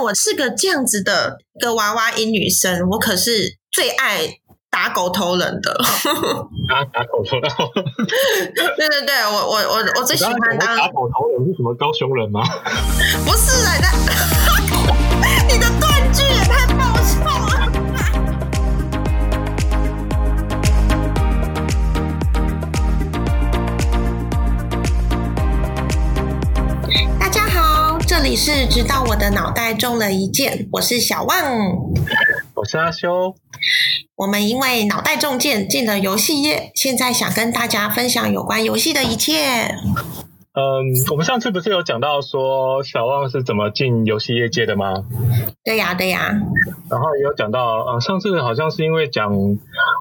我是個這樣子的一個娃娃音女生，我可是最愛打狗頭人的。打 打狗頭偷人？ 對對對，我我我我最喜歡打。剛剛，打狗頭人是什麼高雄人嗎？ 不是的、啊。 於是直到我的腦袋中了一箭，我是小望，我是阿修。我們因為腦袋中箭進了遊戲業，現在想跟大家分享有關遊戲的一切。嗯，我們上次不是有講到說小望是怎麼進遊戲業界的嗎？對呀、啊，對呀、啊。然後也有講到，啊、嗯、上次好像是因為講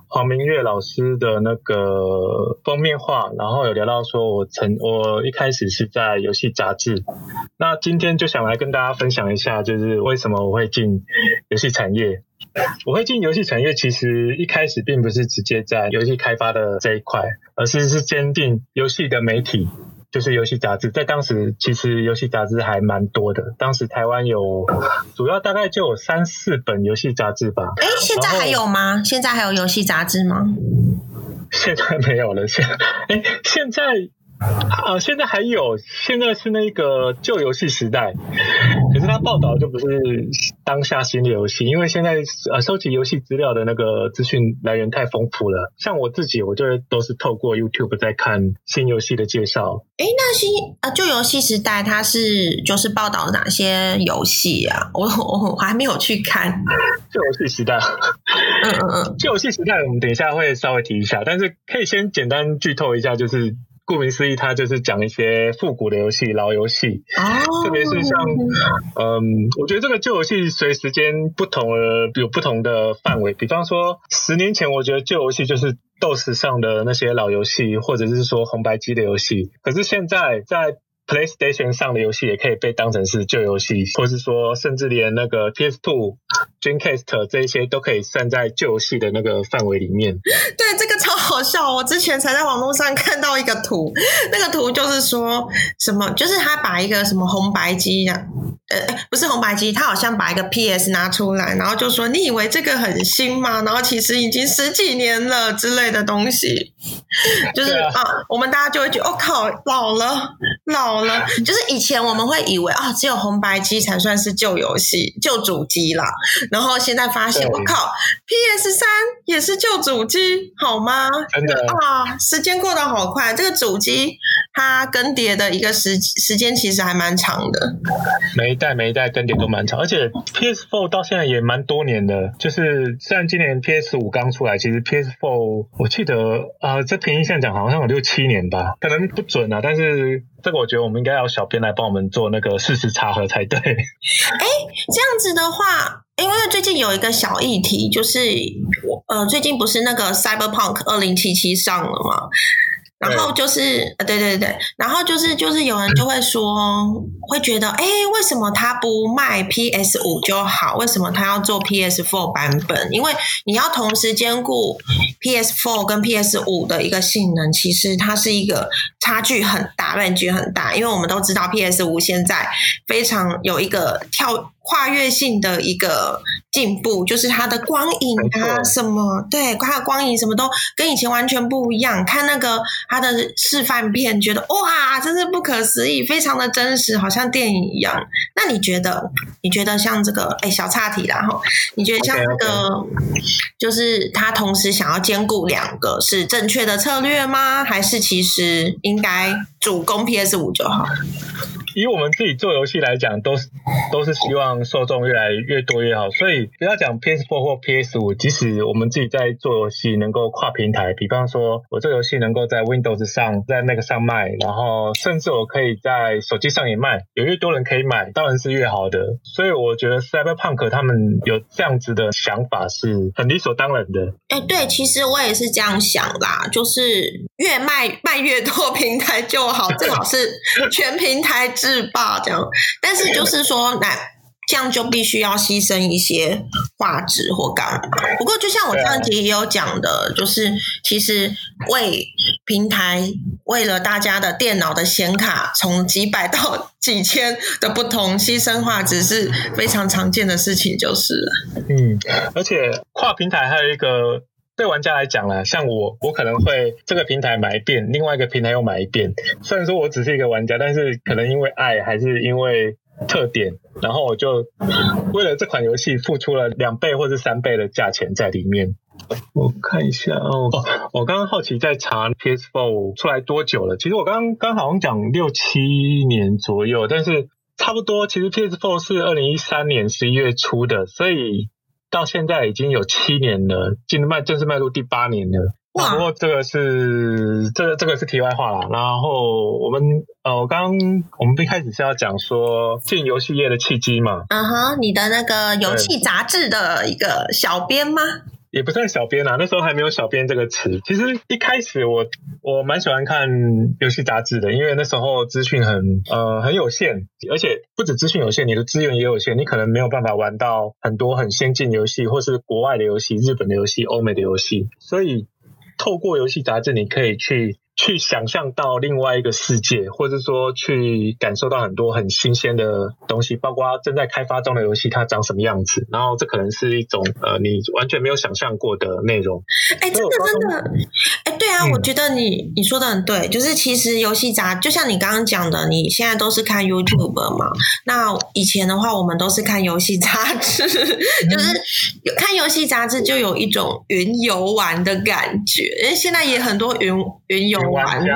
黃明月老師的那個封面畫，然後有聊到說我曾我一開始是在遊戲雜誌。那今天就想來跟大家分享一下，就是為什麼我會進遊戲產業。我會進遊戲產業，其實一開始並不是直接在遊戲開發的這一塊，而是是堅定遊戲的媒體。就是遊戲雜誌，在當時其實遊戲雜誌還蠻多的。當時台灣有，主要大概就有三四本遊戲雜誌吧。誒、欸、現在還有嗎？現在還有遊戲雜誌嗎？現在沒有了。現誒、欸、現在。啊，現在還有，現在是那個舊遊戲時代，可是他報道就不是當下新的遊戲，因為現在呃收集遊戲資料的那個資訊來源太豐富了。像我自己，我就是都是透過 YouTube 在看新遊戲的介紹。誒那新啊、呃、舊遊戲時代，它是就是報道哪些遊戲啊？我我我還沒有去看舊遊戲時代。嗯嗯嗯，舊遊戲時代我們等一下會稍微提一下，但是可以先簡單劇透一下，就是。顧名思義，它就是講一些復古的遊戲、老遊戲，oh, yeah. 特別是像嗯，我覺得這個舊遊戲隨時間不同而有不同的範圍。比方說，十年前我覺得舊遊戲就是 DOS 上的那些老遊戲，或者是說紅白機的遊戲。可是現在在 PlayStation 上的遊戲也可以被當成是舊遊戲，或是說，甚至連那個 PS2。Dreamcast 這一些都可以算在舊遊戲的那個範圍裡面。對，這個超好笑，我之前才在網絡上看到一個圖，那個圖就是說什麼，就是他把一個什麼紅白機呀、啊，呃、欸，不是紅白機，他好像把一個 PS 拿出來，然後就說你以為這個很新嗎？然後其實已經十幾年了之類的東西。就是啊，啊，我們大家就會覺得，我、哦、靠，老了，老了、啊。就是以前我們會以為啊，只有紅白機才算是舊遊戲、舊主機啦。然後現在發現，我靠，PS3 也是舊主機，好嗎？真的啊，時間過得好快。這個主機它更迭的一個時時間其實還蠻長的。每一代每一代更迭都蠻長，而且 PS4 到現在也蠻多年的。就是雖然今年 PS5 剛出來，其實 PS4 我記得啊、呃，這憑印象講好像有六七年吧，可能不準啊。但是這個我覺得我們應該要小編來幫我們做那個事實查核才對。哎，這樣子的話。因為最近有一個小議題，就是我呃，最近不是那個 Cyberpunk 二零七七上了嘛？然後就是對、呃，對對對，然後就是就是有人就會說，會覺得，哎，為什麼他不賣 PS 五就好？為什麼他要做 PS Four 版本？因為你要同時兼顧 PS Four 跟 PS 五的一個性能，其實它是一個差距很大，半、嗯、距很大。因為我們都知道 PS 五現在非常有一個跳。跨越性的一個進步，就是它的光影啊，什麼對，對，它的光影什麼都跟以前完全不一樣。看那個它的示範片，覺得哇，真是不可思議，非常的真實，好像電影一樣。那你覺得？你覺得像這個，哎、欸，小岔題啦，哈。你覺得像這個，okay, okay. 就是他同時想要兼顧兩個是正確的策略嗎？還是其實應該主攻 PS 五就好？以我們自己做遊戲來講，都是都是希望受眾越來越多越好。所以不要講 PS4 或 PS5，即使我們自己在做遊戲能夠跨平台，比方說我做遊戲能夠在 Windows 上、在 Mac 上賣，然後甚至我可以在手機上也賣。有越多人可以買，當然是越好的。所以我覺得 Cyberpunk 他們有這樣子的想法是很理所當然的。哎、欸，對，其實我也是這樣想啦，就是越賣賣越多平台就好，最好是全平台之。 是吧？這樣，但是就是說，那這樣就必須要犧牲一些畫質或幹嘛。不過，就像我上一集也有講的，就是其實為平台為了大家的電腦的顯卡從幾百到幾千的不同，犧牲畫質是非常常見的事情，就是了。嗯，而且跨平台還有一個。對玩家來講啦，像我，我可能會這個平台買一遍，另外一個平台又買一遍。雖然說我只是一個玩家，但是可能因為愛，還是因為特點，然後我就為了這款遊戲付出了兩倍或是三倍的價錢在裡面。我看一下哦，哦，我我剛剛好奇在查 PS4 出來多久了。其實我剛剛好像講六七年左右，但是差不多。其實 PS4 是二零一三年十一月初的，所以。到現在已經有七年了，進邁，正式邁入第八年了。哇！不過這個是，這個，這個是題外話啦。然後我們呃，我剛我們一開始是要講說進遊戲業的契機嘛。嗯哼，你的那個遊戲雜誌的一個小編嗎？也不算小編啊，那時候還沒有“小編”這個詞。其實一開始我我蠻喜歡看遊戲雜誌的，因為那時候資訊很呃很有限，而且不止資訊有限，你的資源也有限，你可能沒有辦法玩到很多很先進遊戲，或是國外的遊戲、日本的遊戲、歐美的遊戲。所以透過遊戲雜誌，你可以去，去想象到另外一個世界，或者說去感受到很多很新鮮的東西，包括正在開發中的遊戲它長什麼樣子。然後這可能是一種呃，你完全沒有想象過的內容。哎、欸，真的真的，哎、欸，對啊、嗯，我覺得你你說的很對，就是其實遊戲雜就像你剛剛講的，你現在都是看 YouTube 嘛、嗯。那以前的話，我們都是看遊戲雜誌，嗯、 就是看遊戲雜誌就有一種雲遊玩的感覺，因為現在也很多雲雲遊。玩，玩家，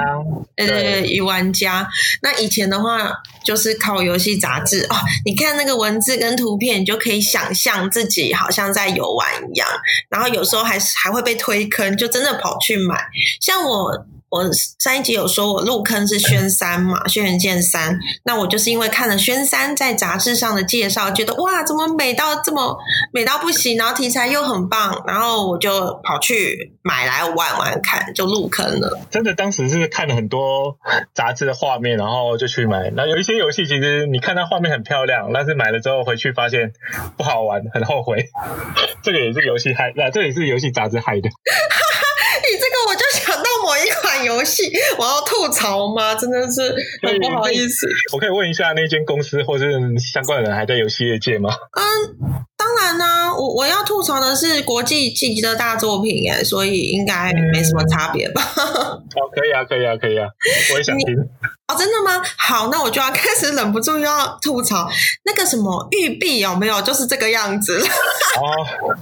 對對對，對，對，玩家。那以前的話，就是靠遊戲雜誌哦。你看那個文字跟圖片，你就可以想象自己好像在遊玩一樣。然後有時候還還會被推坑，就真的跑去買。像我。我上一集有說，我入坑是軒三嘛《軒轅劍三》，那我就是因為看了《軒三》在雜誌上的介紹，覺得哇，怎麼美到這麼美到不行，然後題材又很棒，然後我就跑去買來玩玩看，就入坑了。真的，當時是看了很多雜誌的畫面，然後就去買。那有一些遊戲，其實你看它畫面很漂亮，但是買了之後回去發現不好玩，很後悔。 這個也是遊戲害，那、啊、這也是遊戲雜誌害的。 你這個我就想到某一款遊戲，我要吐槽嗎？真的是，很不好意思。我可以問一下，那間公司或是相關的人還在遊戲業界嗎？嗯。當然呢、啊，我我要吐槽的是國際汽的大作品，耶，所以應該沒什麼差別吧，嗯哦？可以啊，可以啊，可以啊，我也想聽。哦，真的嗎？好，那我就要開始忍不住又要吐槽那個什麼育碧有沒有？就是這個樣子。哦。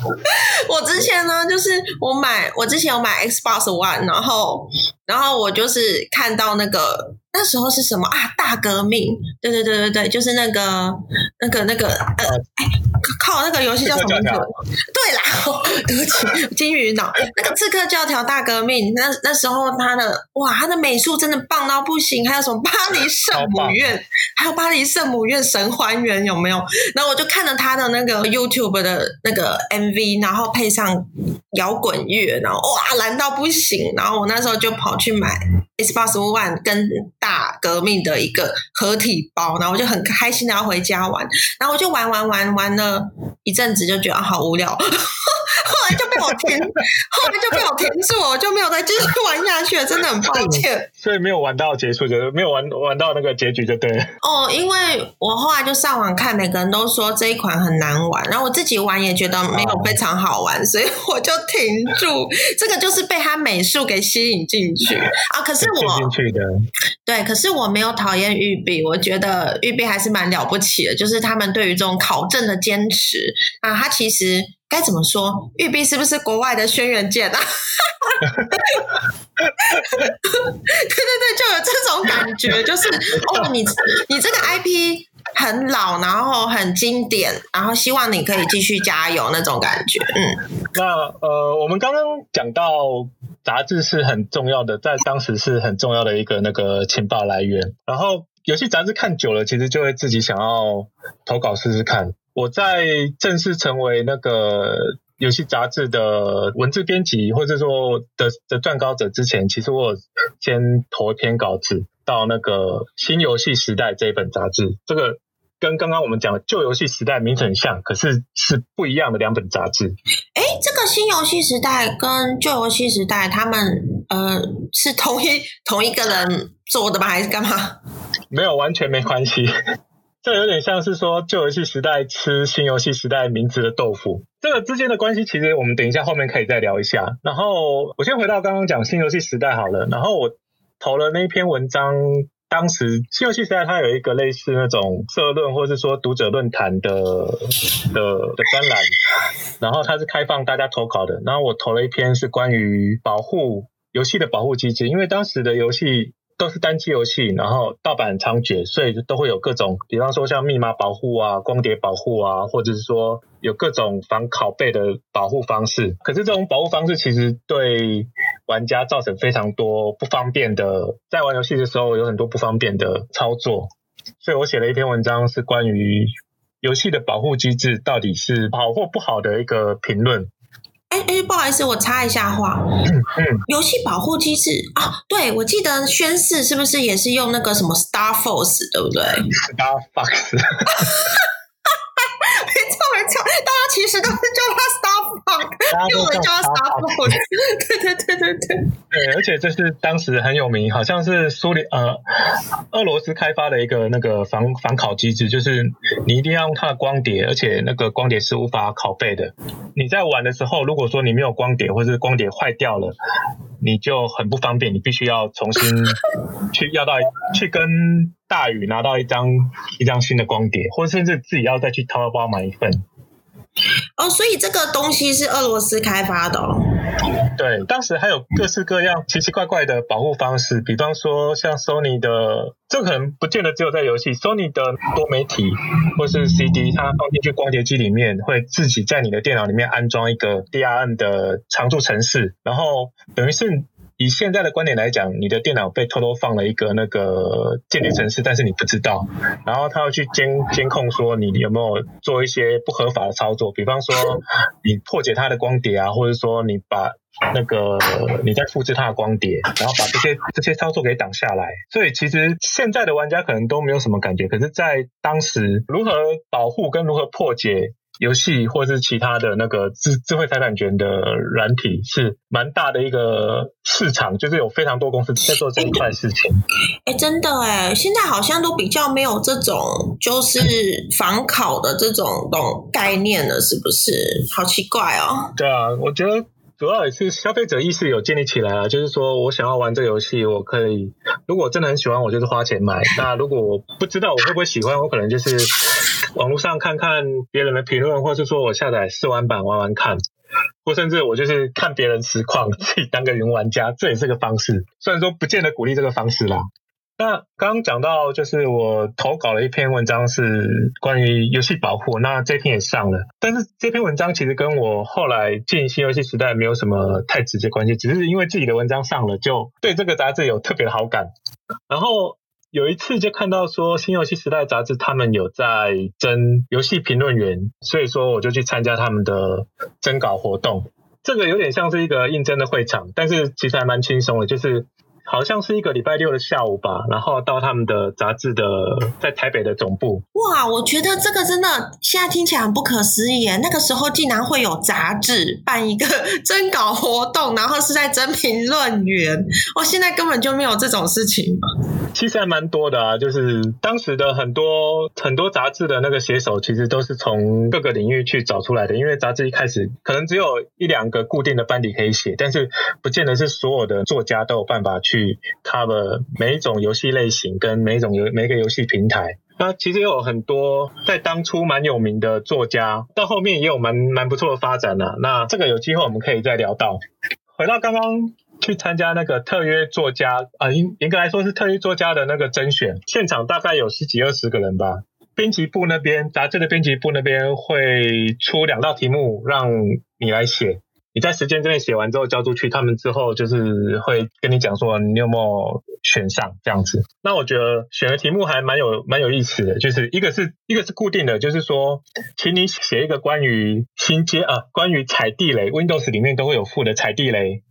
我之前呢，就是我買，我之前有買 Xbox One，然後，然後我就是看到那個那時候是什麼啊？大革命？對對對對對，就是那個那個那個、那個、呃，哎。哦、那個遊戲叫什麼名字？對啦 呵呵，對不起，金魚腦。 那個刺客教條大革命，那那時候他的哇，他的美術真的棒到不行。還有什麼巴黎聖母院，還有巴黎聖母院神還原有沒有？然後我就看了他的那個 YouTube 的那個 MV，然後配上搖滾樂，然後哇，燃到不行。然後我那時候就跑去買。Xbox One 跟大革命的一個合體包，然後我就很開心的要回家玩，然後我就玩玩玩玩了一陣子，就覺得、啊、好無聊，呵呵後來就。被我停，後來就被我停住了，我就沒有再繼續玩下去了，真的很抱歉。所以，所以沒有玩到結束，就是，就沒有玩玩到那個結局，就對。哦，因為我後來就上網看，每個人都說這一款很難玩，然後我自己玩也覺得沒有非常好玩，啊、所以我就停住。這個就是被他美術給吸引進去啊。可是我進，進去的，對，可是我沒有討厭育碧，我覺得育碧還是蠻了不起的，就是他們對於這種考證的堅持啊。他其實該怎麼說，育碧是。就是，是國外的《軒轅劍》啊， 對對對，就有這種感覺，就是 哦，你你這個 IP 很老，然後很經典，然後希望你可以繼續加油那種感覺。嗯，那呃，我們剛剛講到雜誌是很重要的，在當時是很重要的一個那個情報來源。然後遊戲雜誌看久了，其實就會自己想要投稿試試看。我在正式成為那個，遊戲雜誌的文字編輯，或者說的的撰稿者，之前其實我先投一篇稿子到那個《新遊戲時代》這一本雜誌，這個跟剛剛我們講的《舊遊戲時代》名稱很像，可是是不一樣的兩本雜誌。哎、欸，這個《新遊戲時代》跟《舊遊戲時代》，他們呃是同一同一個人做的嗎？還是幹嘛？沒有，完全沒關係。這有點像是說舊遊戲時代吃新遊戲時代名字的豆腐，這個之間的關係其實我們等一下後面可以再聊一下。然後我先回到剛剛講新遊戲時代好了。然後我投了那一篇文章，當時新遊戲時代它有一個類似那種社論或是說讀者論壇的的的專欄，然後它是開放大家投稿的。然後我投了一篇是關於保護遊戲的保護機制，因為當時的遊戲。都是單機遊戲，然後盜版猖獗，所以就都會有各種，比方說像密碼保護啊、光碟保護啊，或者是說有各種防拷貝的保護方式。可是這種保護方式其實對玩家造成非常多不方便的，在玩遊戲的時候有很多不方便的操作。所以我寫了一篇文章是關於遊戲的保護機制到底是好或不好的一個評論。哎、欸、哎、欸，不好意思，我插一下話。遊、嗯、戲、嗯、保護機制啊，對，我記得宣誓，是不是也是用那個什麼 StarForce，對不對？StarForce， 沒錯沒錯，大家其實都是叫他。因為要殺我，對對對對對,對。對，而且這是當時很有名，好像是蘇聯呃，俄羅斯開發的一個那個防防拷機制，就是你一定要用它的光碟，而且那個光碟是無法拷貝的。你在玩的時候，如果說你沒有光碟，或者光碟壞掉了，你就很不方便，你必須要重新去要到 去跟大宇拿到一張一張新的光碟，或者甚至自己要再去淘寶買一份。哦、oh,，所以這個東西是俄羅斯開發的、哦。對，當時還有各式各樣奇奇怪怪的保護方式，比方說像 Sony 的，這個、可能不見得只有在遊戲，Sony 的多媒體或是 CD，它放進去光碟機裡面，會自己在你的電腦裡面安裝一個 DRM 的常駐程式，然後等於是。以現在的觀點來講，你的電腦被偷偷放了一個那個間諜程式，但是你不知道，然後他要去監監控說你，你有沒有做一些不合法的操作，比方說你破解它的光碟啊，或者說你把那個你在複製它的光碟，然後把這些這些操作給擋下來。所以其實現在的玩家可能都沒有什麼感覺，可是，在當時如何保護跟如何破解，遊戲或是其他的那個智智慧財產權的軟體是蠻大的一個市場，就是有非常多公司在做這一塊事情。哎、欸欸，真的哎，現在好像都比較沒有這種就是防拷的這種這種概念了，是不是？好奇怪哦。對啊，我覺得主要也是消費者意識有建立起來啊。就是說我想要玩這個遊戲，我可以，如果真的很喜歡，我就是花錢買；那如果我不知道我會不會喜歡，我可能就是。網絡上看看別人的評論，或是說我下載試玩版玩玩看，或甚至我就是看別人實況，自己當個雲玩家，這也是個方式。雖然說不見得鼓勵這個方式啦。那剛剛講到，就是我投稿了一篇文章，是關於遊戲保護，那這篇也上了。但是這篇文章其實跟我後來進新遊戲時代沒有什麼太直接關係，只是因為自己的文章上了，就對這個雜誌有特別的好感。然後。有一次就看到說《新遊戲時代》雜誌他們有在徵遊戲評論員，所以說我就去參加他們的徵稿活動。這個有點像是一個應徵的會場，但是其實還蠻輕鬆的，就是。好像是一個禮拜六的下午吧，然後到他們的雜誌的在台北的總部。哇，我覺得這個真的現在聽起來很不可思議。那個時候竟然會有雜誌辦一個徵稿活動，然後是在徵評論員。我現在根本就沒有這種事情。其實還蠻多的啊，就是當時的很多很多雜誌的那個寫手，其實都是從各個領域去找出來的。因為雜誌一開始可能只有一兩個固定的班底可以寫，但是不見得是所有的作家都有辦法去。它的每一種遊戲類型跟每一種遊每一個遊戲平台，那其實也有很多在當初蠻有名的作家，到後面也有蠻蠻不錯的發展吶、啊，那這個有機會我們可以再聊到。回到剛剛去參加那個特約作家啊，應應該來說是特約作家的那個甄選現場，大概有十幾二十個人吧。編輯部那邊，雜誌的編輯部那邊會出兩道題目讓你來寫。你在時間之內，寫完之後交出去，他們之後就是會跟你講說你有沒有選上這樣子。那我覺得選的題目還蠻有蠻有意思的，就是一個是一個是固定的，就是說請你寫一個關於新街啊，關於踩地雷，Windows 裡面都會有附的踩地雷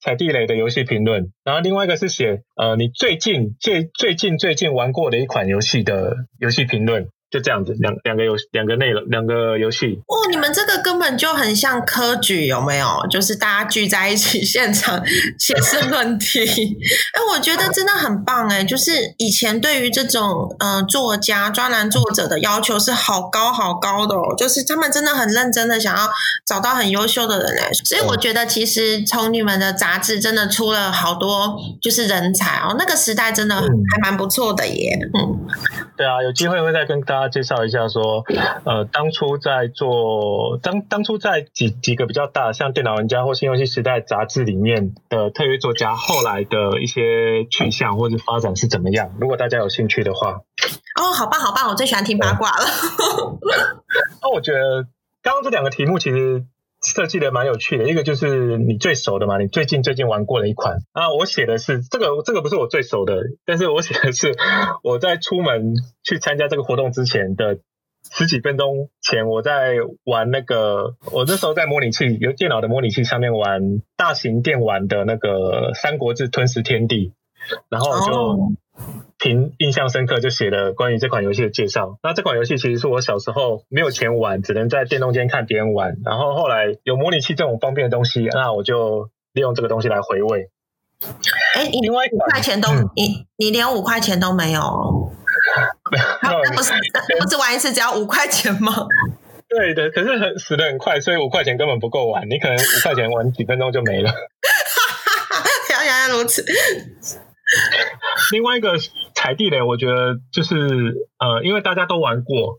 踩地雷的遊戲評論。然後另外一個是寫呃你最近最最近最近玩過的一款遊戲的遊戲評論。就這樣子，兩兩個遊兩個內容，兩個遊戲。哇、哦，你們這個根本就很像科舉，有沒有？就是大家聚在一起現場寫生論題。哎，我覺得真的很棒哎！就是以前對於這種嗯、呃、作家專欄作者的要求是好高好高的哦，就是他們真的很認真的想要找到很優秀的人哎。所以我覺得其實從你們的雜誌真的出了好多就是人才哦，那個時代真的、嗯、還蠻不錯的耶。嗯。對啊，有機會會再跟大家介紹一下，說，呃，當初在做當當初在幾幾個比較大的，像電腦玩家、或新遊戲時代雜誌裡面的特約作家，後來的一些去向或者發展是怎麼樣？如果大家有興趣的話，哦，好棒好棒，我最喜歡聽八卦了。那 我覺得剛剛這兩個題目其實。設計的蠻有趣的，一個就是你最熟的嘛，你最近最近玩過的一款啊，我寫的是這個，這個不是我最熟的，但是我寫的是我在出門去參加這個活動之前的十幾分鐘前，我在玩那個，我那時候在模擬器，有電腦的模擬器上面玩大型電玩的那個《三國志吞食天地》，然後我就。憑印象深刻，就寫了關於這款遊戲的介紹。那這款遊戲其實是我小時候沒有錢玩，只能在電動間看別人玩。然後後來有模擬器這種方便的東西，那我就利用這個東西來回味。哎、欸嗯，你連五塊錢都你你連五塊錢都沒有？沒、啊、不是我只玩一次，只要五塊錢嗎？ 對的，可是很死得很快，所以五塊錢根本不夠玩。你可能五塊錢玩幾分鐘就沒了。原 來如此。 另外一個踩地雷，我覺得就是呃，因為大家都玩過，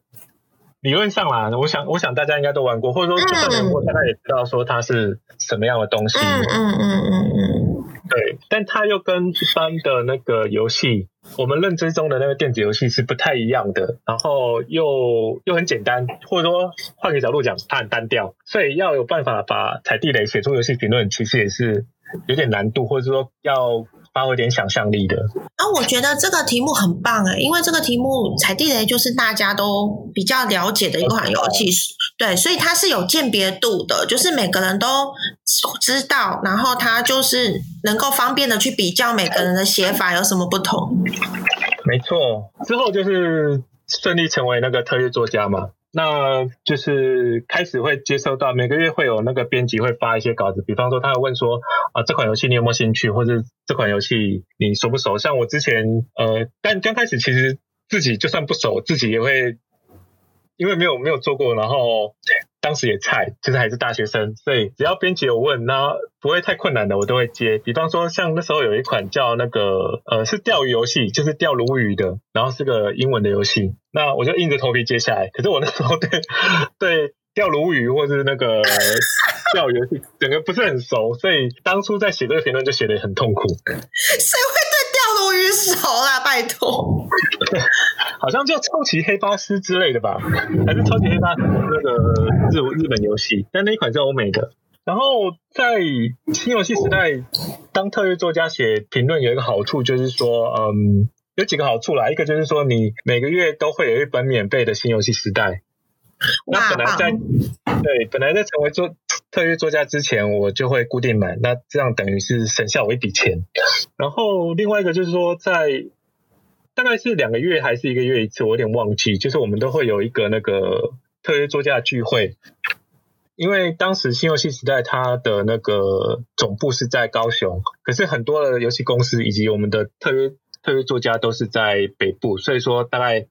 理論上啦，我想，我想大家應該都玩過，或者說至人至少我大概也知道說它是什麼樣的東西。嗯嗯嗯嗯。對，但它又跟一般的那個遊戲，我們認知中的那個電子遊戲是不太一樣的。然後又又很簡單，或者說換個角度講，它很單調，所以要有辦法把踩地雷寫出遊戲評論，其實也是有點難度，或者說要。稍有點想象力的。啊，我覺得這個題目很棒哎，因為這個題目《踩地雷》就是大家都比較了解的一款遊戲，對，所以它是有鑑別度的，就是每個人都知道，然後它就是能夠方便的去比較每個人的寫法有什麼不同。沒錯，之後就是順利成為那個特約作家嘛。那就是開始會接收到，每個月會有那個編輯會發一些稿子，比方說他會問說啊，這款遊戲你有沒有興趣，或者這款遊戲你熟不熟？像我之前呃，但剛開始其實自己就算不熟，自己也會因為沒有沒有做過，然後，當時也菜，就是還是大學生，所以只要編輯有問，那不會太困難的，我都會接。比方說，像那時候有一款叫那個，呃，是釣魚遊戲，就是釣鱸魚的，然後是個英文的遊戲，那我就硬着頭皮接下來。可是我那時候對對釣鱸魚或是那個釣魚遊戲，整個不是很熟，所以當初在寫這個評論就寫得很痛苦。誰會？過於熟啦，拜托。好像叫《超級黑髮師》之類的吧，還是《超級黑髮師》的日日本遊戲，但那一款是歐美的。然後在《新遊戲時代》，當特約作家寫評論有一個好處，就是說，嗯，有幾個好處啦，一個就是說，你每個月都會有一本免費的《新遊戲時代》，那本來在對，本來在成為做。特約作家之前，我就會固定買，那這樣等於是省下我一筆錢。然後另外一個就是說，在大概是兩個月還是一個月一次，我有點忘記。就是我們都會有一個那個特約作家聚會，因為當時新遊戲時代它的那個總部是在高雄，可是很多的遊戲公司以及我們的特約特約作家都是在北部，所以說大概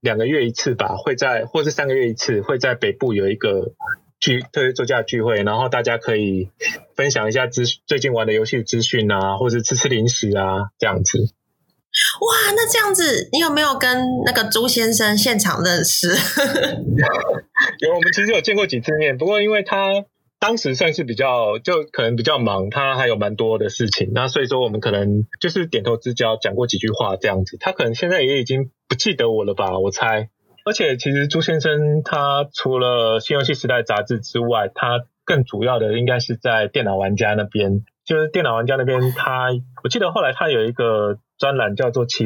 兩個月一次吧，會在或是三個月一次，會在北部有一個。聚特約作家聚會，然後大家可以分享一下資最近玩的遊戲資訊啊，或者吃吃零食啊這樣子。哇，那這樣子，你有沒有跟那個朱先生現場認識？ 有，我們其實有見過幾次面，不過因為他當時算是比較就可能比較忙，他還有蠻多的事情，那所以說我們可能就是點頭之交，講過幾句話這樣子。他可能現在也已經不記得我了吧，我猜。而且其實朱先生他除了《新遊戲時代》雜誌之外，他更主要的應該是在電腦玩家那邊。就是電腦玩家那邊他，他我記得後來他有一個專欄叫做“奇”，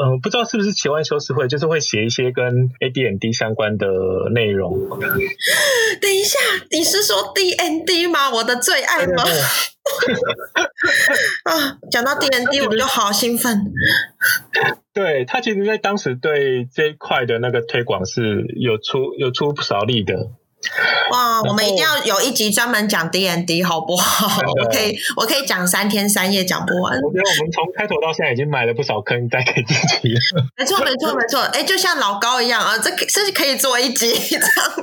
嗯、呃，不知道是不是“奇幻修士會”，就是會寫一些跟 AD&D n 相關的內容。等一下，你是說 D&D n 嗎？我的最愛嗎？啊、 哦，講到 D&D，n 我就好興奮。對他，其實在當時對這一塊的那個推廣是有出有出不少力的。哇，我們一定要有一集專門講 D N D，好不好？對對，我可以我可以講三天三夜講不完。我覺得我們從開頭到現在已經埋了不少坑帶給自己了。沒錯，沒錯，沒錯。哎、欸，就像老高一樣啊，這是可以做一集這樣的。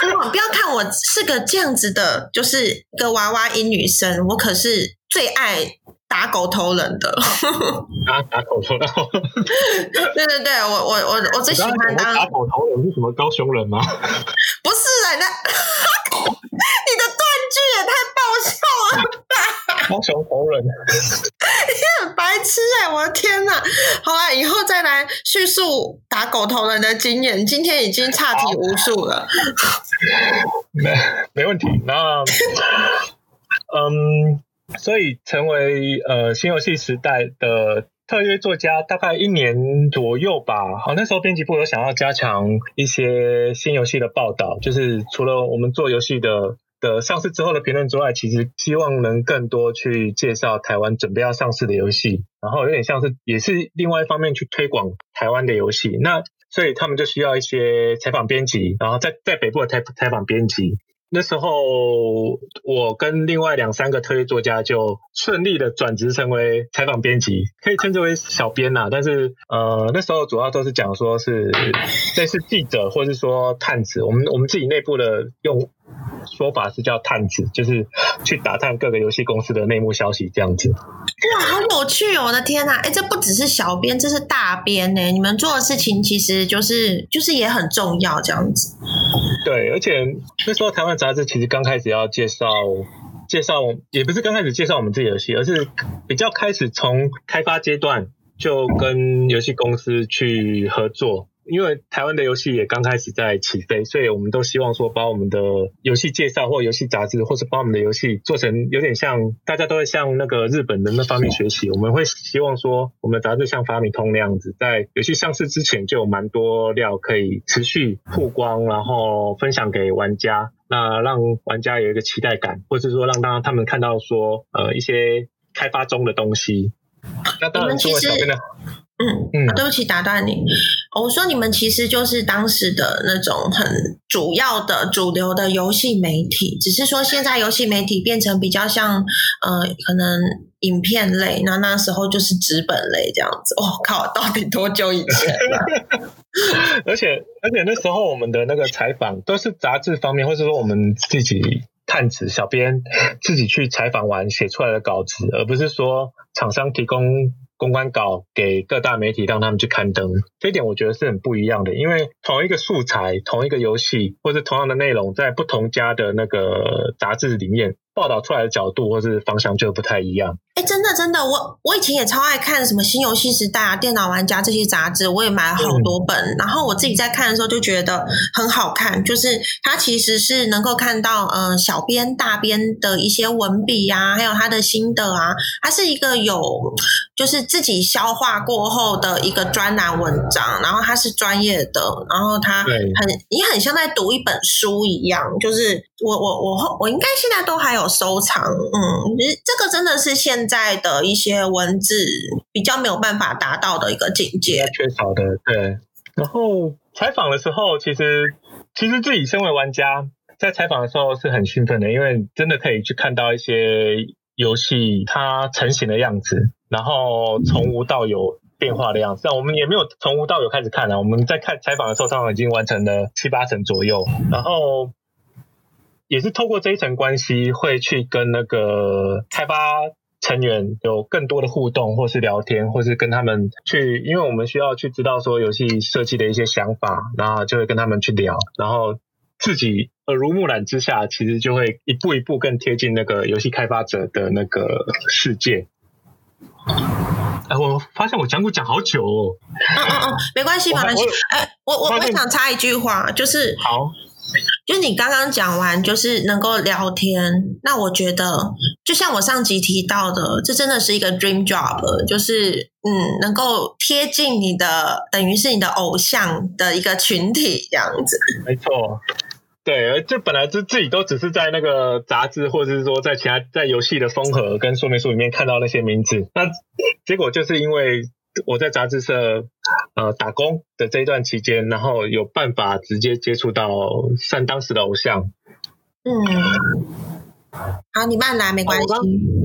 對 哇，不要看我是個這樣子的，就是個娃娃音女生，我可是最愛。打狗頭人的，打打狗頭人， 對對對，我我我我最喜歡當打狗頭人是什麼高雄人嗎？不是人的，你的斷、哦、 句也太爆笑了吧！高雄頭人 ，你很白痴哎、欸！我的天哪！好啊，以後再來敘述打狗頭人的經驗，今天已經岔題無數了、啊。啊、 沒沒問題，那 嗯。所以成為呃新遊戲時代的特約作家大概一年左右吧。好，那時候編輯部有想要加強一些新遊戲的報道，就是除了我們做遊戲的的上市之後的評論之外，其實希望能更多去介紹台灣準備要上市的遊戲，然後有點像是也是另外一方面去推廣台灣的遊戲。那所以他們就需要一些採訪編輯，然後在在北部的採採訪編輯。那時候，我跟另外兩三個特約作家就順利的轉職成為採訪編輯，可以稱之為小編啦、啊、但是，呃，那時候主要都是講說是類似記者，或是說探子。我們我們自己內部的用說法是叫探子，就是去打探各個遊戲公司的內幕消息這樣子。哇，好有趣哦！我的天吶、啊、哎、欸，這不只是小編，這是大編呢。你們做的事情其實就是就是也很重要這樣子。對，而且那時候台灣雜誌其實剛開始要介紹，介紹也不是剛開始介紹我們自己的遊戲，而是比較開始從開發階段就跟遊戲公司去合作。因為台灣的遊戲也剛開始在起飛，所以我們都希望說，把我們的遊戲介紹或遊戲雜誌，或是把我們的遊戲做成有點像大家都會向那個日本的那方面學習。我們會希望說，我們的雜志像法米通那樣子，在遊戲上市之前就有蠻多料可以持續曝光，然後分享給玩家，那讓玩家有一個期待感，或是說讓他們看到說，呃，一些開發中的東西。那當然作為小編呢嗯嗯、啊，對不起，打斷你。Oh, 我說，你們其實就是當時的那種很主要的主流的遊戲媒體，只是說現在遊戲媒體變成比較像，呃，可能影片類。那那時候就是紙本類這樣子。我、oh, 靠，到底多久以前了、啊？ 而且而且那時候我們的那個採訪都是雜誌方面，或是說我們自己探子、小編自己去採訪完寫出來的稿子，而不是說廠商提供。公關稿給各大媒體讓他們去刊登，這一點我覺得是很不一樣的。因為同一個素材，同一個遊戲或是同樣的內容，在不同家的那個雜誌裡面。報道出來的角度或是方向就不太一樣。哎、欸，真的真的，我我以前也超愛看什麼《新遊戲時代》啊、《電腦玩家》這些雜誌，我也買了好多本。然後我自己在看的時候就覺得很好看，就是它其實是能夠看到嗯、呃、小編、大編的一些文筆啊，還有他的心得啊。它是一個有就是自己消化過後的一個專欄文章，然後它是專業的，然後它很你很像在讀一本書一樣。就是我我我我應該現在都還有。收藏，嗯，這個真的是現在的一些文字比較沒有辦法達到的一個境界，缺少的，對。然後採訪的時候，其實其實自己身為玩家，在採訪的時候是很興奮的，因為真的可以去看到一些遊戲它成型的樣子，然後從無到有變化的樣子。嗯，但我們也沒有從無到有開始看啊，我們在看採訪的時候，差不多已經完成了七八成左右，然後。也是透過這一層關係，會去跟那個開發成員有更多的互動，或是聊天，或是跟他們去，因為我們需要去知道說遊戲設計的一些想法，然後就會跟他們去聊，然後自己耳濡目染之下，其實就會一步一步更貼近那個遊戲開發者的那個世界。哎，我發現我講過講好久。喔嗯嗯嗯嗯，沒關係嘛，沒關係。哎，我我我想插一句話，就是。好。就你剛剛講完，就是能夠聊天。那我覺得，就像我上集提到的，這真的是一個 dream job，就是嗯，能夠貼近你的，等於是你的偶像的一個群體這樣子。沒錯，對，而這本來是自己都只是在那個雜誌，或者是說在其他在遊戲的封盒跟說明書裡面看到那些名字，那結果就是因為。我在雜誌社，呃，打工的這一段期間，然後有辦法直接接觸到上當時的偶像。嗯，好，你慢來，沒關係。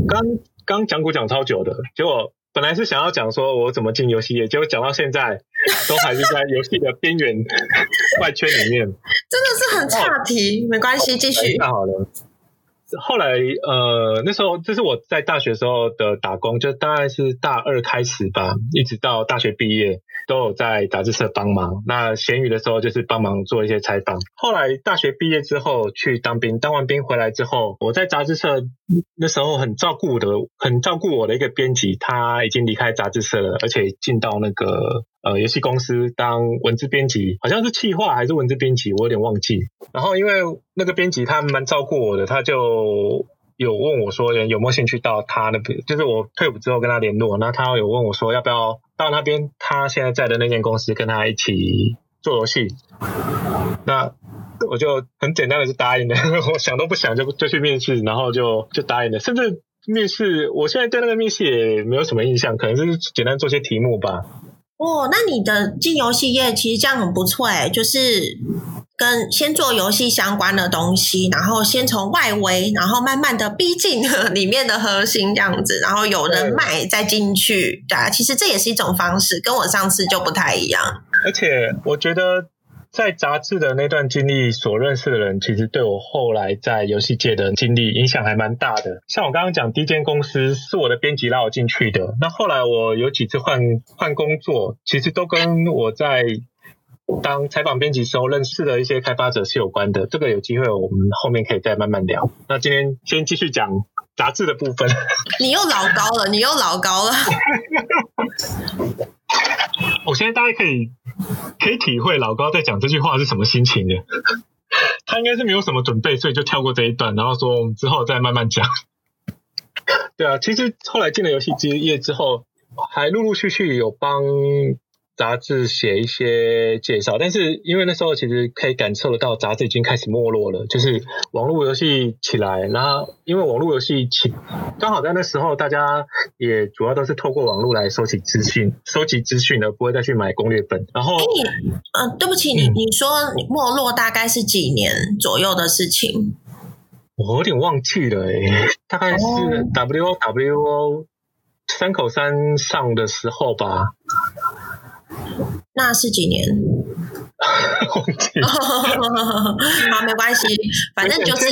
剛剛講古講超久的，結果本來是想要講說我怎麼進遊戲業，結果講到現在都還是在遊戲的邊緣 外圈裡面。真的是很岔題，哦、沒關係，繼續。那、哦哎、好了。後來，呃，那時候這、就是我在大學時候的打工，就大概是大二開始吧，一直到大學畢業，都有在雜誌社幫忙。那閒餘的時候，就是幫忙做一些採訪。後來大學畢業之後去當兵，當完兵回來之後，我在雜誌社那時候很照顧的，很照顧我的一個編輯，他已經離開雜誌社了，而且進到那個。呃，遊戲公司當文字編輯，好像是企劃還是文字編輯，我有點忘記。然後因為那個編輯他蠻照顧我的，他就有問我說有，有沒有興趣到他那邊，就是我退伍之後跟他聯絡，那他有問我說要不要到那邊，他現在在的那間公司跟他一起做遊戲。那我就很簡單的就答應了，我想都不想就，就去面試，然後就，就答應了。甚至面試，我現在對那個面試也沒有什麼印象，可能就是簡單做些題目吧。哦，那你的進遊戲業其實這樣很不錯哎，就是跟先做遊戲相關的東西，然後先從外圍，然後慢慢的逼近了裡面的核心這樣子，然後有人脈再進去，對，對啊，其實這也是一種方式，跟我上次就不太一樣。而且我覺得。在雜誌的那段經歷，所認識的人，其實對我後來在遊戲界的經歷影響還蠻大的。像我剛剛講，第一間公司是我的編輯拉我進去的。那後來我有幾次換換工作，其實都跟我在當採訪編輯時候認識的一些開發者是有關的。這個有機會我們後面可以再慢慢聊。那今天先繼續講雜誌的部分。你又老高了，你又老高了。 我現在大概可以可以體會老高在講這句話是什麼心情的， 他應該是沒有什麼準備，所以就跳過這一段，然後說我們之後再慢慢講。 對啊，其實後來進了遊戲之業之後，還陸陸續續有幫。雜誌寫一些介紹，但是因為那時候其實可以感受得到雜誌已經開始沒落了，就是網絡遊戲起來，然後因為網絡遊戲起，剛好在那時候大家也主要都是透過網絡來收集資訊，收集資訊呢不會再去買攻略本。然後，嗯、欸呃，對不起，你、嗯、你說你沒落大概是幾年左右的事情？我有點忘記了、欸，大概是 WOWO 三口三上的時候吧。哦。那是幾年？ 我記得笑好，沒關係，反正就是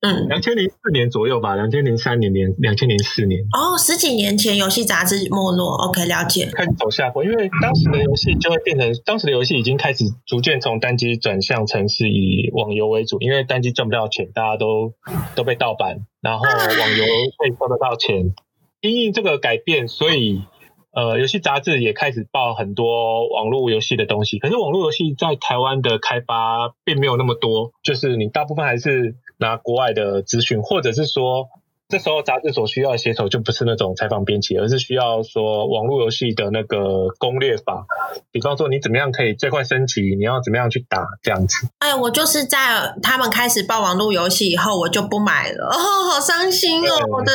嗯，兩千零四年左右吧，兩千零三年，年兩千零四年。哦、oh,，十幾年前遊戲雜誌沒落，OK，了解。開始走下坡，因為當時的遊戲就會變成，當時的遊戲已經開始逐漸從單機轉向城市，以網遊為主，因為單機賺不到錢，大家都都被盜版，然後網遊可以收得到錢。 因為這個改變，所以。呃，遊戲雜誌也開始報很多網絡遊戲的東西，可是網絡遊戲在台灣的開發並沒有那麼多，就是你大部分還是拿國外的資訊，或者是說。這時候雜誌所需要的寫手就不是那種採訪編輯，而是需要說網絡遊戲的那個攻略法，比方說你怎麼樣可以最快升級，你要怎麼樣去打這樣子。哎，我就是在他們開始報網絡遊戲以後，我就不買了，哦，好傷心哦、嗯、我的，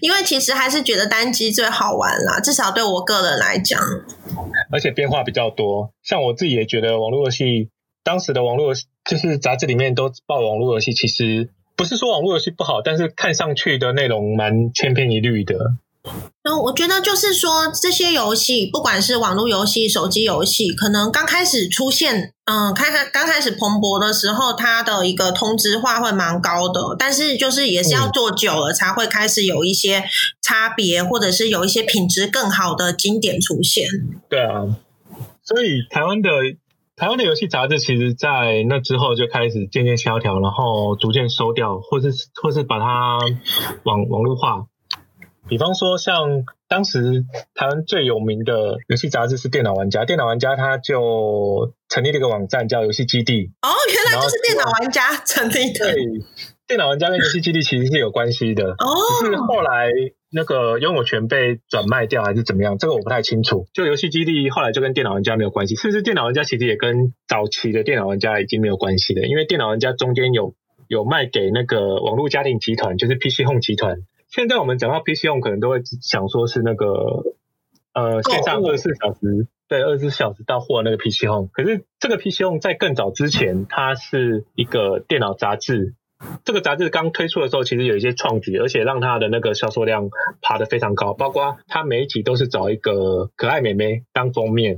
因為其實還是覺得單機最好玩啦，至少對我個人來講，而且變化比較多。像我自己也覺得網絡遊戲當時的網絡遊戲就是雜誌裡面都報網絡遊戲，其實。不是說網絡遊戲不好，但是看上去的內容蠻千篇一律的。那、嗯、我覺得就是說，這些遊戲不管是網絡遊戲、手機遊戲，可能剛開始出現，嗯，開開剛開始蓬勃的時候，它的一個同質化會蠻高的。但是就是也是要做久了，嗯、才會開始有一些差別，或者是有一些品質更好的經典出現。對啊，所以台灣的。台灣的遊戲雜誌其實，在那之後就開始漸漸蕭條，然後逐漸收掉，或是或是把它網網絡化。比方說，像當時台灣最有名的遊戲雜誌是《電腦玩家》，《電腦玩家》他就成立了一個網站叫《遊戲基地》。哦，原來就是《電腦玩家》成立的。對，《電腦玩家》跟《遊戲基地》其實是有關係的。哦，只是後來。那個擁有權被轉賣掉還是怎麼樣？這個我不太清楚。就遊戲基地後來就跟電腦玩家沒有關係，甚至電腦玩家其實也跟早期的電腦玩家已經沒有關係了，因為電腦玩家中間有有賣給那個網絡家庭集團，就是 PC Home 集團。現在我們講到 PC Home，可能都會想說是那個呃線上二十四小時，Go、對，二十四小時到貨那個 PC Home。可是這個 PC Home 在更早之前，它是一個電腦雜誌。這個雜誌剛推出的時候，其實有一些創舉，而且讓它的那個銷售量爬得非常高。包括它每一期都是找一個可愛妹妹當封面。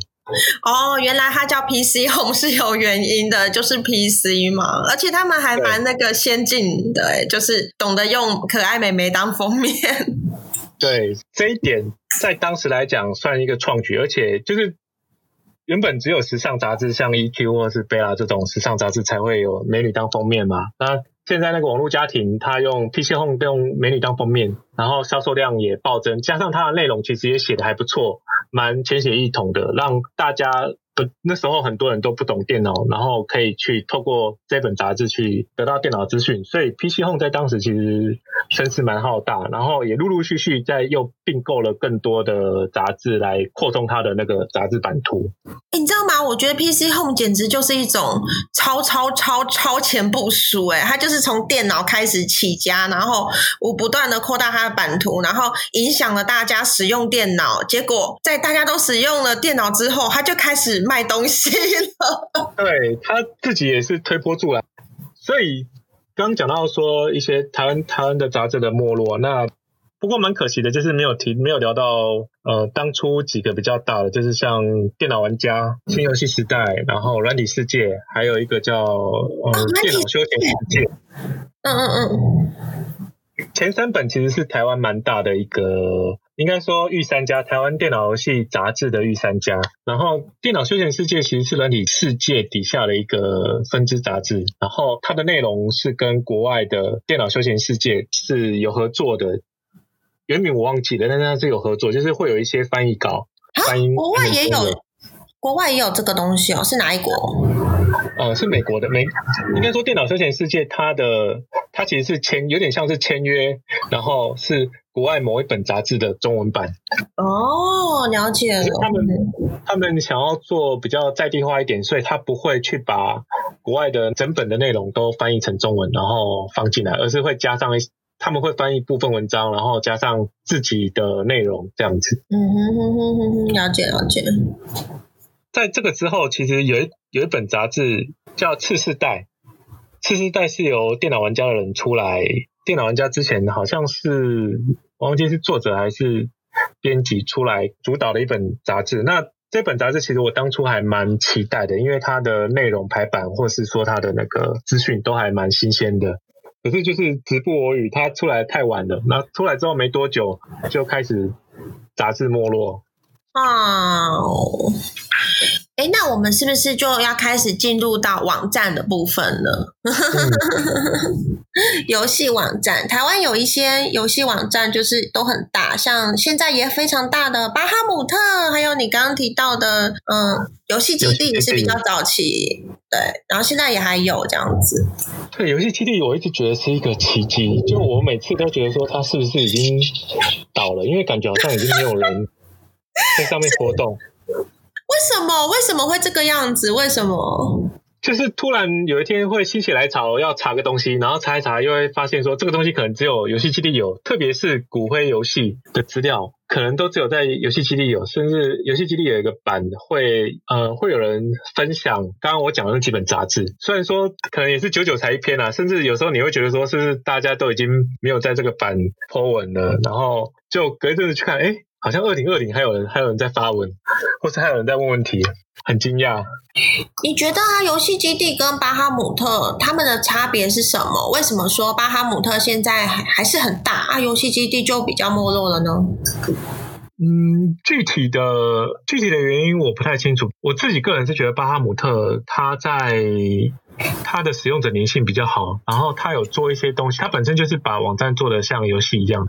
哦，原來它叫 PC 紅、哦、是有原因的，就是 PC 嘛。而且他們還蠻那個先進的，就是懂得用可愛妹妹當封面。對，這一點在當時來講算一個創舉，而且就是原本只有時尚雜誌，像 EQ 或是貝拉這種時尚雜誌才會有美女當封面嘛。那現在那個網絡家庭，他用 PC Home 用美女當封面，然後銷售量也暴增，加上他的內容其實也寫的還不錯，蠻淺顯易懂的，讓大家。那時候很多人都不懂電腦，然後可以去透過這本雜誌去得到電腦資訊，所以 PC Home 在當時其實聲勢蠻浩大，然後也陸陸續續在又併購了更多的雜誌來擴充它的那個雜誌版圖。欸，你知道嗎？我覺得 PC Home 簡直就是一種超超超超前部署、欸，哎，它就是從電腦開始起家，然後我不斷的擴大它的版圖，然後影響了大家使用電腦。結果在大家都使用了電腦之後，它就開始。賣東西了，對，他自己也是推波助瀾。所以剛講到說一些台灣台灣的雜誌的沒落，那不過蠻可惜的，就是沒有提沒有聊到呃當初幾個比較大的，就是像電腦玩家、新遊戲時代，嗯、然後軟體世界，還有一個叫呃、哦、電腦休閒世界。嗯嗯嗯，前三本其實是台灣蠻大的一個。應該說御三家，台灣電腦遊戲雜誌的御三家。然後電腦休閒世界其實是軟體世界底下的一個分支雜誌，然後它的內容是跟國外的電腦休閒世界是有合作的，原名，我忘記了，但是它是有合作，就是會有一些翻譯稿。啊，國外也有，國外也有這個東西哦，是哪一國？呃、嗯，是美國的沒，應該說電腦休閒世界，它的它其實是簽，有點像是簽約，然後是國外某一本雜誌的中文版。哦，了解了。他們他們想要做比較在地化一點，所以他不會去把國外的整本的內容都翻譯成中文然後放進來，而是會加上一些，他們會翻譯部分文章，然後加上自己的內容這樣子。嗯哼哼哼哼哼，了解了解。在這個之後，其實有一有一本雜誌叫《次世代》，《次世代》是由電腦玩家的人出來。電腦玩家之前好像是忘記是作者還是編輯出來主導的一本雜誌。那這本雜誌其實我當初還蠻期待的，因為它的內容排版或是說它的那個資訊都還蠻新鮮的。可是就是時不我與，它出來太晚了。那出來之後沒多久就開始雜誌沒落。哦，哎，那我們是不是就要開始進入到網站的部分了？遊戲 網站，台灣有一些遊戲網站就是都很大，像現在也非常大的巴哈姆特，還有你剛剛提到的，嗯，遊戲基地也是比較早期，對，然後現在也還有這樣子。對，遊戲基地我一直覺得是一個奇蹟，就我每次都覺得說它是不是已經倒了， 因為感覺好像已經沒有人。 在上面活動，為什麼？為什麼會這個樣子？為什麼？就是突然有一天會心血來潮要查個東西，然後查一查，又會發現說這個東西可能只有遊戲基地有，特別是骨灰遊戲的資料，可能都只有在遊戲基地有，甚至遊戲基地有一個版會，呃，會有人分享剛剛我講的那幾本雜誌，雖然說可能也是久久才一篇啊，甚至有時候你會覺得說，是不是大家都已經沒有在這個版 PO 文了，然後就隔一陣子去看，哎、欸。好像二零二零還有人還有人在發文，或是還有人在問問題，很驚訝。你覺得啊，遊戲基地跟巴哈姆特他們的差別是什麼？為什麼說巴哈姆特現在還還是很大啊，遊戲基地就比較沒落了呢？嗯，具體的具體的原因我不太清楚。我自己個人是覺得巴哈姆特他在。它的使用者粘性比較好，然後它有做一些東西，它本身就是把網站做得像遊戲一樣。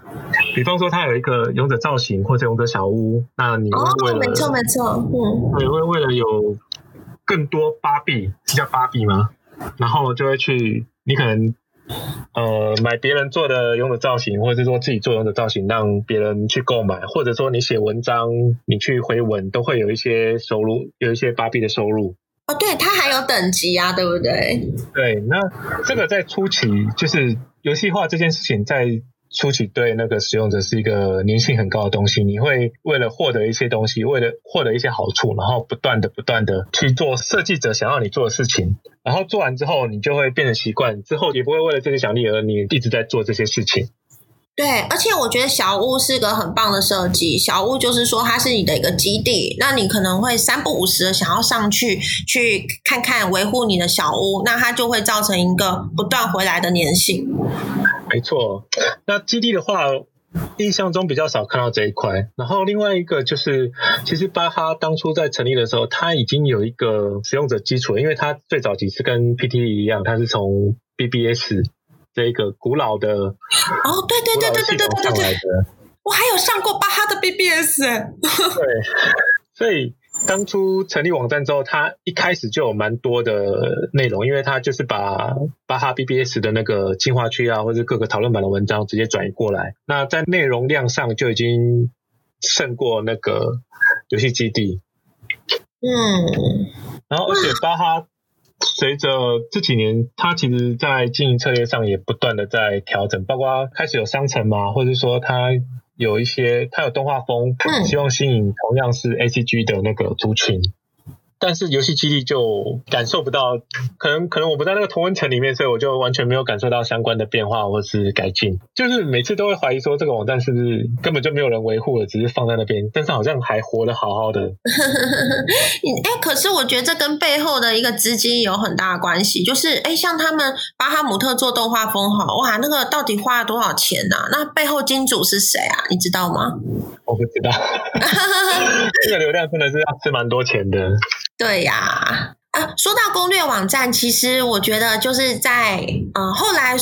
比方說，它有一個勇者造型或者勇者小屋，那你會為了、哦哦、沒錯沒錯，嗯，你會為了有更多巴幣，是叫巴幣嗎？然後就會去，你可能呃買別人做的勇者造型，或者是說自己做勇者造型，讓別人去購買，或者說你寫文章，你去回文，都會有一些收入，有一些巴幣的收入。哦、對，它還有等級啊，對不對？對，那這個在初期就是遊戲化這件事情，在初期對那個使用者是一個粘性很高的東西。你會為了獲得一些東西，為了獲得一些好處，然後不斷的、不斷的去做設計者想要你做的事情。然後做完之後，你就會變成習慣，之後也不會為了這些獎勵而你一直在做這些事情。對，而且我覺得小屋是個很棒的設計。小屋就是說，它是你的一個基地，那你可能會三不五時的想要上去去看看維護你的小屋，那它就會造成一個不斷回來的粘性。沒錯，那基地的話，印象中比較少看到這一塊。然後另外一個就是，其實巴哈當初在成立的時候，它已經有一個使用者基礎，因為它最早期是跟 PT 一樣，它是從 BBS。這個古老的，古老的哦，對對對對對對對對，我還有上過巴哈的 BBS。 對，所以當初成立網站之後，他一開始就有蠻多的內容，因為他就是把巴哈 BBS 的那個精華區啊，或者各個討論版的文章直接轉移過來，那在內容量上就已經勝過那個遊戲基地。嗯，然後而且巴哈。隨着這幾年，他其實在經營策略上也不斷的在調整，包括開始有商城嘛，或者說他有一些，他有動畫風，希望吸引同樣是 ACG 的那個族群。但是遊戲基地就感受不到，可能可能我不在那個同溫層裡面，所以我就完全沒有感受到相關的變化或是改進。就是每次都會懷疑說，這個網站是不是根本就沒有人維護了，只是放在那邊，但是好像還活得好好的。哎、 欸，可是我覺得這跟背後的一個資金有很大的關係。就是哎、欸，像他們巴哈姆特做動畫瘋好哇，那個到底花了多少錢啊？那背後金主是誰啊？你知道嗎？我不知道， 這個流量真的是要吃蠻多錢的。對呀、啊，啊，說到攻略網站，其實我覺得就是在嗯、呃，後來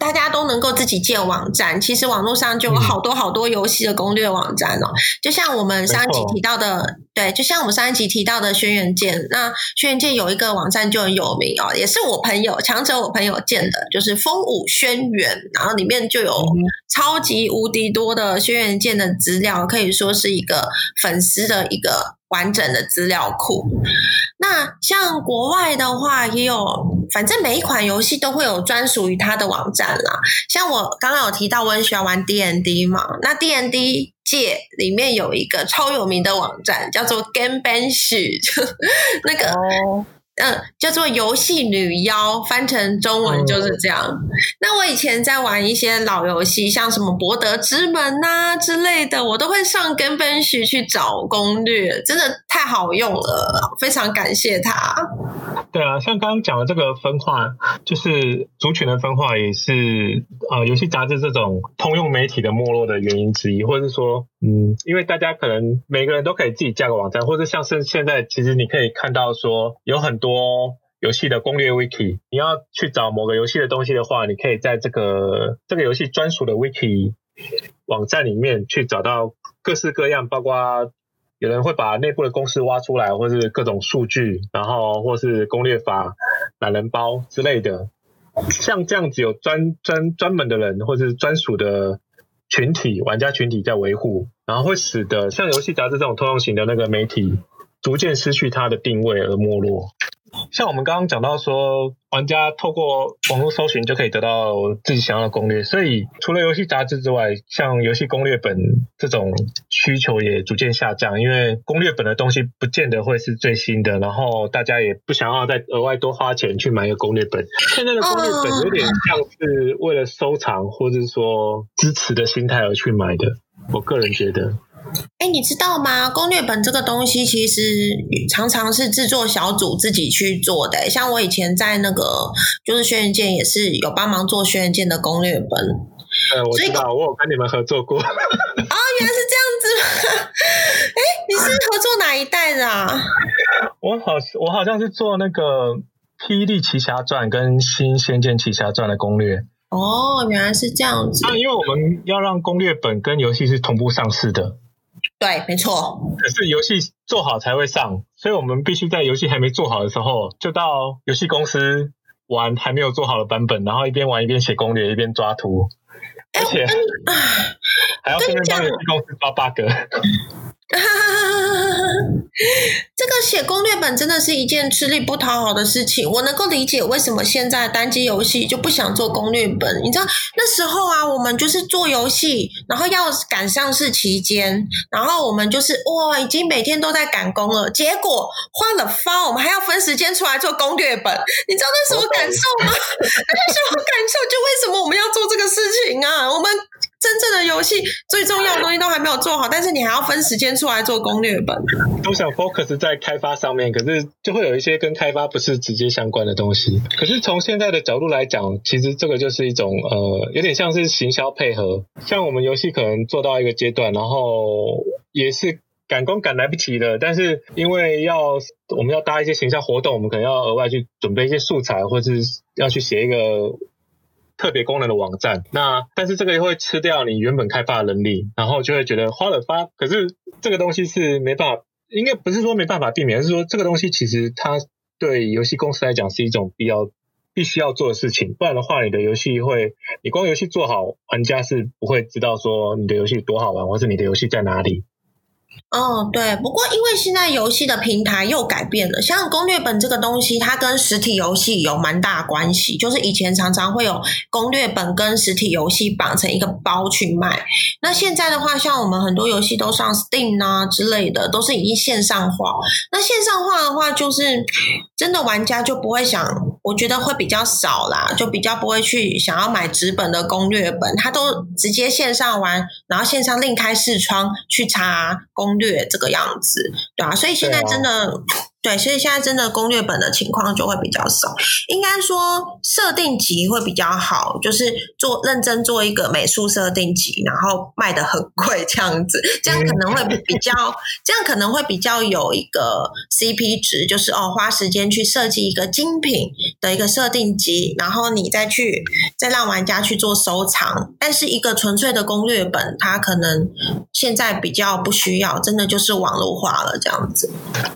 大家都能夠自己建網站，其實網絡上就有好多好多遊戲的攻略網站哦，就像我們上一集提到的，對，就像我們上一集提到的《軒轅劍》，那《軒轅劍》有一個網站就很有名哦，也是我朋友強者，我朋友建的，就是風舞軒轅，然後裡面就有超級無敵多的《軒轅劍》的資料，可以說是一個粉絲的一個。完整的資料庫。那像國外的話，也有，反正每一款遊戲都會有專屬於它的網站啦。像我剛剛有提到，我很喜歡玩 D N D 嘛，那 D N D 界裡面有一個超有名的網站叫做 Game Bench，就那個。嗯、呃，叫做遊戲女妖，翻成中文就是這樣。嗯、那我以前在玩一些老遊戲，像什麼《博德之門、啊》吶之類的，我都會上跟奔 e 去找攻略，真的太好用了，非常感謝他。對啊，像剛剛講的這個分化，就是族群的分化也是啊，呃，遊戲雜誌這種通用媒體的沒落的原因之一，或者是說，嗯，因為大家可能每個人都可以自己架個網站，或者像是現在其實你可以看到說有很多遊戲的攻略 wiki，你要去找某個遊戲的東西的話，你可以在這個這個遊戲專屬的 wiki 網站裡面去找到各式各樣，包括。人會把內部的公式挖出來，或是各種數據，然後或是攻略法、懶人包之類的。像這樣子有專專專門的人，或是專屬的群體、玩家群體在維護，然後會使得像遊戲雜誌這種通用型的那個媒體逐漸失去它的定位而沒落。像我們剛剛講到說，玩家透過網絡搜尋就可以得到自己想要的攻略，所以除了遊戲雜誌之外，像遊戲攻略本這種需求也逐漸下降，因為攻略本的東西不見得會是最新的，然後大家也不想要再額外多花錢去買一個攻略本。現在的攻略本有點像是為了收藏或者是說支持的心態而去買的，我個人覺得。哎、欸，你知道嗎？攻略本這個東西其實常常是制作小組自己去做的、欸。像我以前在那個就是軒轅劍，也是有幫忙做軒轅劍的攻略本。呃，我知道，我有跟你們合作過。哦，原來是這樣子嗎？哎、 欸，你是合作哪一代的啊？我好，我好像是做那個《霹靂奇俠傳》跟《新仙劍奇俠傳》的攻略。哦，原來是這樣子。那、啊、因為我們要讓攻略本跟遊戲是同步上市的。對，沒錯。可是遊戲做好才會上，所以我們必須在遊戲還沒做好的時候，就到遊戲公司玩還沒有做好的版本，然後一邊玩一邊寫攻略，一邊抓圖，欸、而且還，還要順便幫遊戲公司抓 bug。 哈哈哈哈哈哈！這個寫攻略本真的是一件吃力不討好的事情。我能夠理解為什麼現在單機遊戲就不想做攻略本。你知道那時候啊，我們就是做遊戲，然後要趕上市期間，然後我們就是哇，已經每天都在趕工了。結果換了方我們還要分時間出來做攻略本，你知道那是什麼感受嗎？ 那是什麼感受？就為什麼我們要做這個事情啊？我們。真正的遊戲最重要的東西都還沒有做好，但是你還要分時間出來做攻略本。都想 focus 在開發上面，可是就會有一些跟開發不是直接相關的東西。可是從現在的角度來講，其實這個就是一種呃，有點像是行銷配合。像我們遊戲可能做到一個階段，然後也是趕工趕來不及的。但是因為要我們要搭一些行銷活動，我們可能要額外去準備一些素材，或是要去寫一個。特別功能的網站，那但是這個又會吃掉你原本開發的能力，然後就會覺得花了發，可是這個東西是沒辦法，應該不是說沒辦法避免，而是說這個東西其實它對遊戲公司來講是一種必要必須要做的事情，不然的話你的遊戲會，你光遊戲做好，玩家是不會知道說你的遊戲多好玩，或是你的遊戲在哪裡。哦，對，不過因為現在遊戲的平台又改變了，像攻略本這個東西，它跟實體遊戲有蠻大關係。就是以前常常會有攻略本跟實體遊戲綁成一個包去賣，那現在的話，像我們很多遊戲都上 Steam 啊之類的，都是已經線上化。那線上化的話，就是真的玩家就不會想，我覺得會比較少啦，就比較不會去想要買紙本的攻略本，它都直接線上玩，然後線上另開視窗去查。攻略這個樣子，對啊，所以現在真的。對，所以現在真的攻略本的情況就會比較少。應該說設定集會比較好，就是做認真做一個美術設定集，然後賣得很貴這樣子，這樣可能會比較，這樣可能會比較有一個 CP 值，就是哦，花時間去設計一個精品的一個設定集，然後你再去再讓玩家去做收藏。但是一個純粹的攻略本，它可能現在比較不需要，真的就是網絡化了這樣子。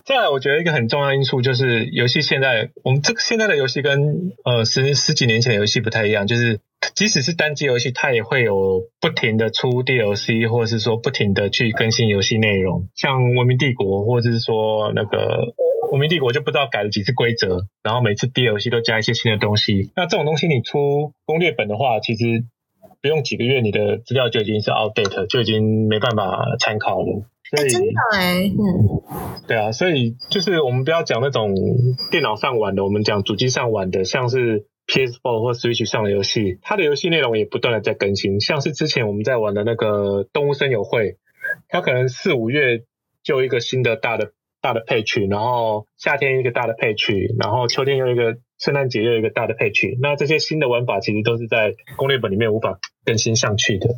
再來我覺得一個很。很重要因素就是遊戲現在，我們這個現在的遊戲跟呃十十幾年前的遊戲不太一樣，就是即使是單機遊戲，它也會有不停的出 DLC，或者是說不停的去更新遊戲內容。像《文明帝國》或者是說那個《文明帝國》，就不知道改了幾次規則，然後每次 DLC 都加一些新的東西。那這種東西你出攻略本的話，其實不用幾個月，你的資料就已經是 outdate，就已經沒辦法參考了。欸欸嗯、所以，對啊，所以就是我們不要講那種電腦上玩的，我們講主機上玩的，像是 PS4 或 Switch 上的遊戲，它的遊戲內容也不斷的在更新。像是之前我們在玩的那個《動物森友會》，它可能四五月就一個新的大的大的配曲，然後夏天一個大的配曲，然後秋天又一個聖誕節又一個大的配曲。那這些新的玩法其實都是在攻略本裡面無法更新上去的。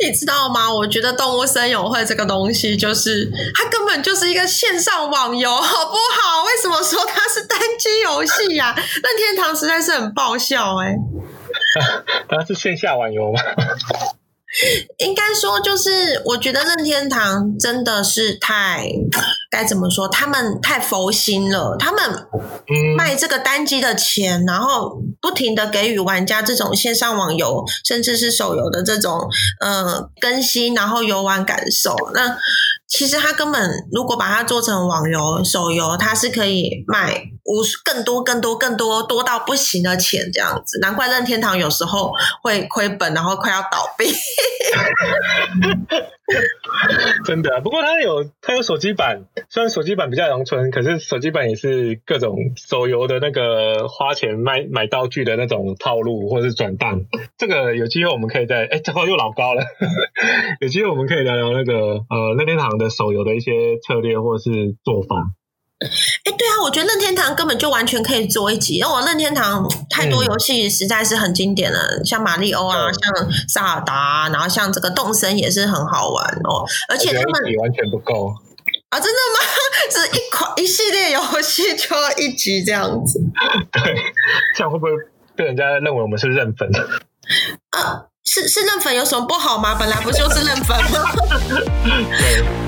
你知道嗎？我覺得《動物森友會》這個東西，就是它根本就是一個線上網遊，好不好？為什麼說它是單機遊戲呀、啊？ 任天堂實在是很爆笑哎、欸！它是線下網遊嗎？ 應該說，就是我覺得任天堂真的是太，該怎麼說？他們太佛心了，他們賣這個單機的錢，嗯、然後。不停的給予玩家這種線上網遊，甚至是手遊的這種呃更新，然後遊玩感受。那其實它根本如果把它做成網遊、手遊，它是可以賣。五更多更多更多多到不行的錢這樣子，難怪任天堂有時候會虧本，然後快要倒閉。 真的、啊，不過它有它有手機版，雖然手機版比較陽春，可是手機版也是各種手遊的那個花錢買買道具的那種套路，或者轉檔。這個有機會我們可以再，哎、欸，這波又老高了。 有機會我們可以聊聊那個呃任天堂的手遊的一些策略或是做法。哎，對啊，我覺得任天堂根本就完全可以做一集，因、哦、為任天堂太多遊戲實在是很經典了，嗯、像馬里歐啊、嗯，像薩爾達、啊，然後像這個動森也是很好玩哦。而且他們完全不夠啊，真的嗎？是一款一系列遊戲就要一集這樣子？對，這樣會不會被人家認為我們是任粉啊、呃？是是任粉有什麼不好嗎？本來不是就是任粉嗎？ 對。